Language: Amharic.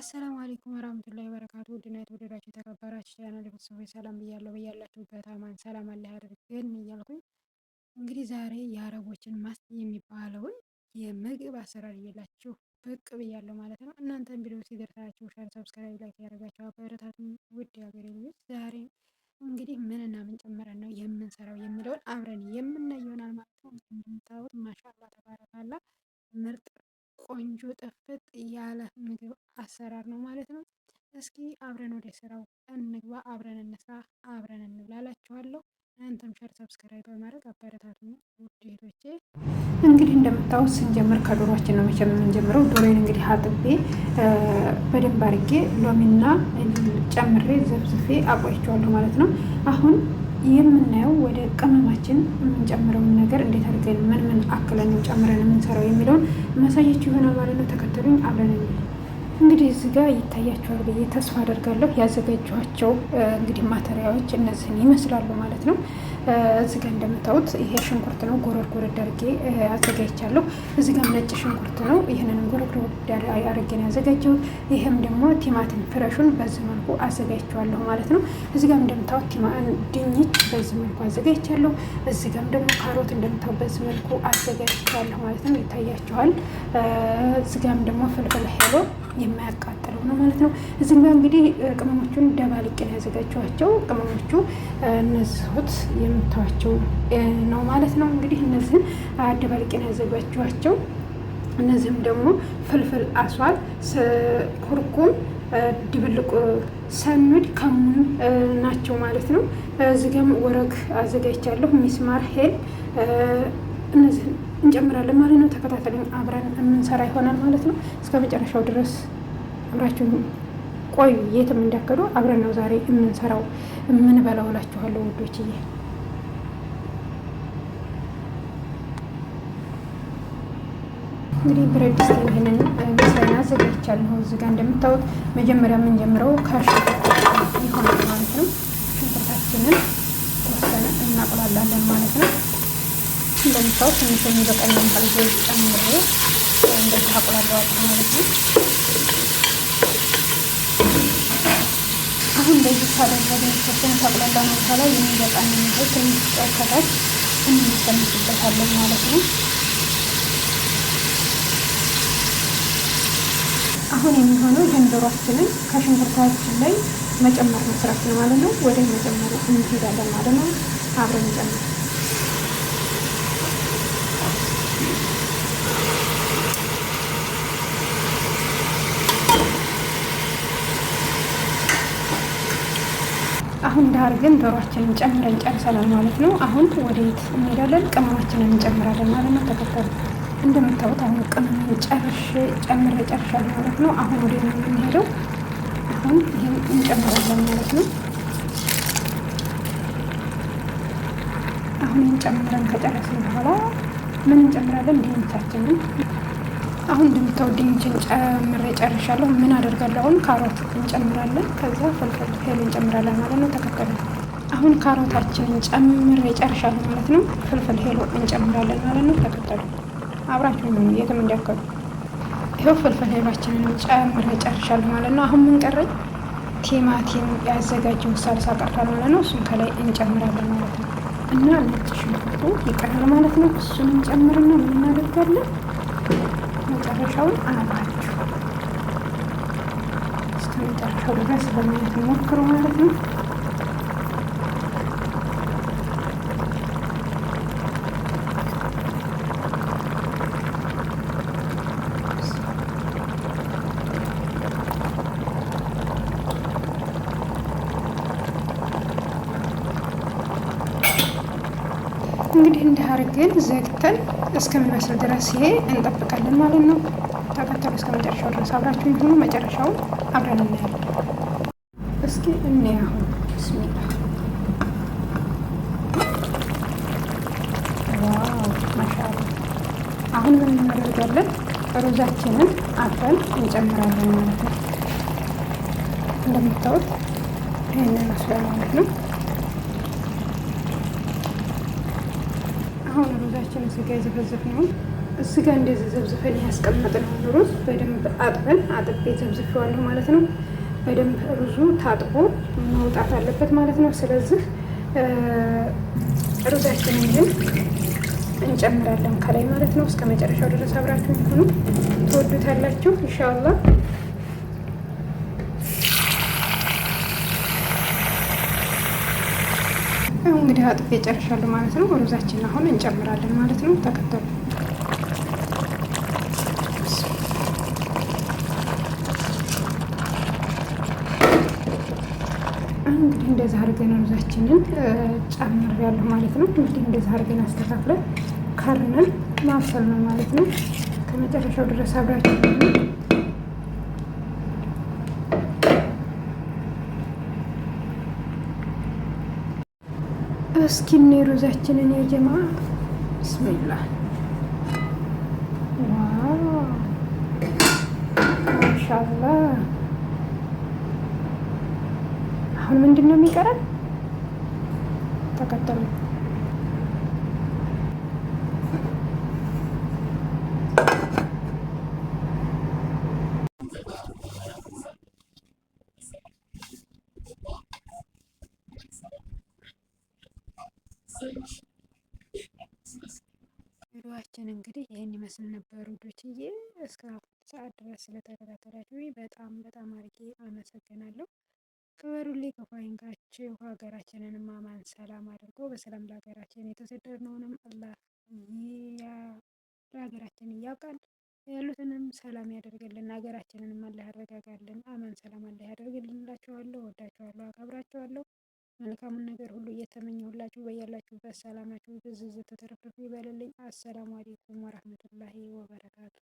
አሰላሙ አለይኩም ወራህመቱላሂ ወበረካቱ። ውድና የተወደዳችሁ የተከበራችሁ ቻናል ቤተሰቦች ሰላም ብያለሁ። በያላችሁበት አማን ሰላም አላህ ያደርግልን እያልኩኝ እንግዲህ ዛሬ የአረቦችን ማስት የሚባለውን የምግብ አሰራር እየላችሁ ብቅ ብያለሁ ማለት ነው። እናንተን ቪዲዮ ሲደርሳችሁ ሻር፣ ሰብስክራይብ፣ ላይክ ያደርጋችሁ አበረታቱን። ውድ የሀገሬ ልጆች ዛሬ እንግዲህ ምን ምን ጨምረን ነው የምንሰራው የሚለውን አብረን የምናየው ይሆናል ማለት ነው። እንደምታዩት ማሻአላህ ተባረካላ ምርጥ ቆንጆ ጥፍጥ ያለ ምግብ አሰራር ነው ማለት ነው። እስኪ አብረን ወደ ስራው እንግባ፣ አብረን እንስራ፣ አብረን እንብላላችኋለሁ። እናንተም ሸር፣ ሰብስክራይብ በማድረግ አበረታቱ ውዴቶቼ። እንግዲህ እንደምታዩት ስንጀምር ከዶሯችን ነው መቼም የምንጀምረው። ዶሮን እንግዲህ አጥቤ በደንብ አድርጌ ሎሚና ጨምሬ ዘብዝፌ አቆይቸዋለሁ ማለት ነው አሁን የምናየው ወደ ቅመማችን የምንጨምረውን ነገር እንዴት አድርገን ምን ምን አክለን ጨምረን የምንሰራው የሚለውን ማሳያችሁ ይሆናል ማለት ነው። ተከተሉኝ አብረን እንግዲህ እዚህ ጋር ይታያችኋል ብዬ ተስፋ አደርጋለሁ። ያዘጋጇቸው እንግዲህ ማተሪያዎች እነዚህን ይመስላሉ ማለት ነው። እዚህ ጋር እንደምታዩት ይሄ ሽንኩርት ነው። ጎረድ ጎረድ አድርጌ አዘጋጅቻለሁ። እዚህ ጋር ነጭ ሽንኩርት ነው። ይህንንም ጎረድ ጎረድ አድርጌ ነው ያዘጋጀሁት። ይህም ደግሞ ቲማቲም ፍረሹን በዚህ መልኩ አዘጋጅቸዋለሁ ማለት ነው። እዚ ጋር እንደምታዩት ድንች በዚህ መልኩ አዘጋጅቻለሁ። እዚ ጋም ደግሞ ካሮት እንደምታዩት በዚህ መልኩ አዘጋጅቻለሁ ማለት ነው። ይታያችኋል። እዚ ጋም ደግሞ ፍልፍል ሄሎ የማያቃጥለው ነው ማለት ነው። እዚህ ጋር እንግዲህ ቅመሞቹን ያዘጋጀኋቸው ቅመሞቹ እነዚሁት የምታዋቸው ነው ማለት ነው። እንግዲህ እነዚህን አደባልቄን ያዘጋጀኋቸው እነዚህም ደግሞ ፍልፍል አስዋል፣ ኩርኩም፣ ድብልቁ ሰኑድ ከሙን ናቸው ማለት ነው። እዚገም ወረግ አዘጋጅቻለሁ። ሚስማር ሄል እነዚህን እንጨምራለን ማለት ነው። ተከታተሉኝ፣ አብረን የምንሰራ ይሆናል ማለት ነው። እስከ መጨረሻው ድረስ አብራችሁ ቆዩ፣ የትም እንዳከዱ አብረን ነው ዛሬ የምንሰራው የምንበላው እላችኋለሁ ውዶችዬ። እንግዲህ ብረት ድስት ይህንን መስሪያ አዘጋጅቻለሁ። እዚህ ጋር እንደምታወቅ መጀመሪያ የምንጀምረው ከሽንኩርት ይሆናል ማለት ነው። ሽንኩርታችንን ተወሰነ እናቁላላለን ማለት ነው። እንደምታወቅ ትንሽ የሚበቃኝ ያህል ጨምሬ እንደዚህ አቁላለዋለሁ ማለት ነው። አሁን እንደዚህ ካደረገ የተወሰኑ ጠቅላላ ማታ ላይ የሚበቃን ነገር ትንሽ ከታች እንጨምርበታለን ማለት ነው። አሁን የሚሆነው ዝንጀሯችንን ከሽንኩርታችን ላይ መጨመር መስራት ነው ማለት ነው። ወደ መጨመሩ እንሄዳለን ማለት ነው። አብረን እንጨምር አሁን ዳር ግን ዶሯችንን ጨምረን ጨርሰናል ማለት ነው። አሁን ወደየት እንሄዳለን? ቅመማችንን እንጨምራለን ማለት ነው። ተከተሉ። እንደምታዩት አሁን ቅመም ጨርሽ ጨምረ ጨርሻለሁ ማለት ነው። አሁን ወደ ነው የምንሄደው። አሁን ይህን እንጨምራለን ማለት ነው። አሁን ይህን ጨምረን ከጨረስን በኋላ ምን እንጨምራለን? ድንቻችንን አሁን እንደምታወደኝ እንችን ጨምሬ ጨርሻለሁ። ምን አደርጋለሁ? አሁን ካሮት እንጨምራለን። ከዛ ፈልፈል ሄል እንጨምራለን ማለት ነው። ተከተለ አሁን ካሮታችንን ጨምሬ ጨርሻለሁ ማለት ነው። ፈልፈል ሄል እንጨምራለን ማለት ነው። ተከተሉ አብራችሁ ነው የትም እንዲያከሉ። ይኸው ፍልፍል ሄሏችንን ጨምሬ ጨርሻለሁ ማለት ነው። አሁን ምን ቀረኝ? ቲማቲም ያዘጋጀው ሳልሳ ቀርቷል ማለት ነው። እሱም ከላይ እንጨምራለን ማለት ነው። እና ነጭ ሽንኩርቱ ይቀራል ማለት ነው። እሱን እንጨምርና ምን እናደርጋለን መጨረሻውን አብራችሁ እስከ መጨረሻው ድረስ በማየት ይሞክሩ ማለት ነው። እንግዲህ እንዲህ አድርገን ዘግተን እስከሚበስል ድረስ ይሄ እንጠብቃለን ማለት ነው። ተከተሉ እስከ መጨረሻው ድረስ አብራችሁ ሆኑ። መጨረሻውን አብረን እናያለን። እስኪ እኔ አሁን ብስሚላ ዋው አሁን ምን እናደርጋለን? ሩዛችንን አፈን እንጨምራለን ማለት ነው። እንደምታዩት ይህንን መስሪያ ማለት ነው። አሁን ሩዛችን ስጋ የዘፈዘፍ ነው። ስጋ እንደዚህ ዘብዝፈን ያስቀመጥነውን ሩዝ በደንብ አጥበን አጥቤ ዘብዝፌዋለሁ ማለት ነው። በደንብ ሩዙ ታጥቦ መውጣት አለበት ማለት ነው። ስለዚህ ሩዛችንን ግን እንጨምራለን ከላይ ማለት ነው። እስከ መጨረሻው ድረስ አብራችሁ ሆኑ ትወዱታላችሁ ኢንሻአላህ። እንግዲህ አጥቤ ጨርሻለሁ ማለት ነው። ሩዛችን አሁን እንጨምራለን ማለት ነው። ተከተሉ። እንግዲህ እንደዛ አድርገን ሩዛችንን ጨምር ያለሁ ማለት ነው። እንግዲህ እንደዛ አድርገን አስተካክለን ከርነን ማብሰል ነው ማለት ነው። ከመጨረሻው ድረስ አብራችሁ እስኪ እኔ ሩዛችንን የጀማ ብስሚላ ማሻላ። አሁን ምንድን ነው የሚቀረን? ተከተሉ ቪዲዮአችን እንግዲህ ይህን ይመስል ነበር ውዶችዬ። አሁን ሰዓት ድረስ ስለተከታተላችሁ በጣም በጣም አድርጌ አመሰግናለሁ። ክበሩልኝ፣ ከፋይንካችሁ ሀገራችንንም አማን ሰላም አድርጎ በሰላም ለሀገራችን የተሰደድነውንም አላህ ለሀገራችን እያውቃል ያሉትንም ሰላም ያደርግልን፣ ሀገራችንንም አላህ ያረጋጋልን፣ አማን ሰላም አላህ ያደርግልን። እላችኋለሁ። ወዳችኋለሁ፣ አከብራችኋለሁ። መልካሙን ነገር ሁሉ እየተመኘሁላችሁ በያላችሁበት ሰላማችሁ ብዝዝ ተተረፍርፎ ይበልልኝ። አሰላሙ አሌይኩም ወረህመቱላሂ ወበረካቱ።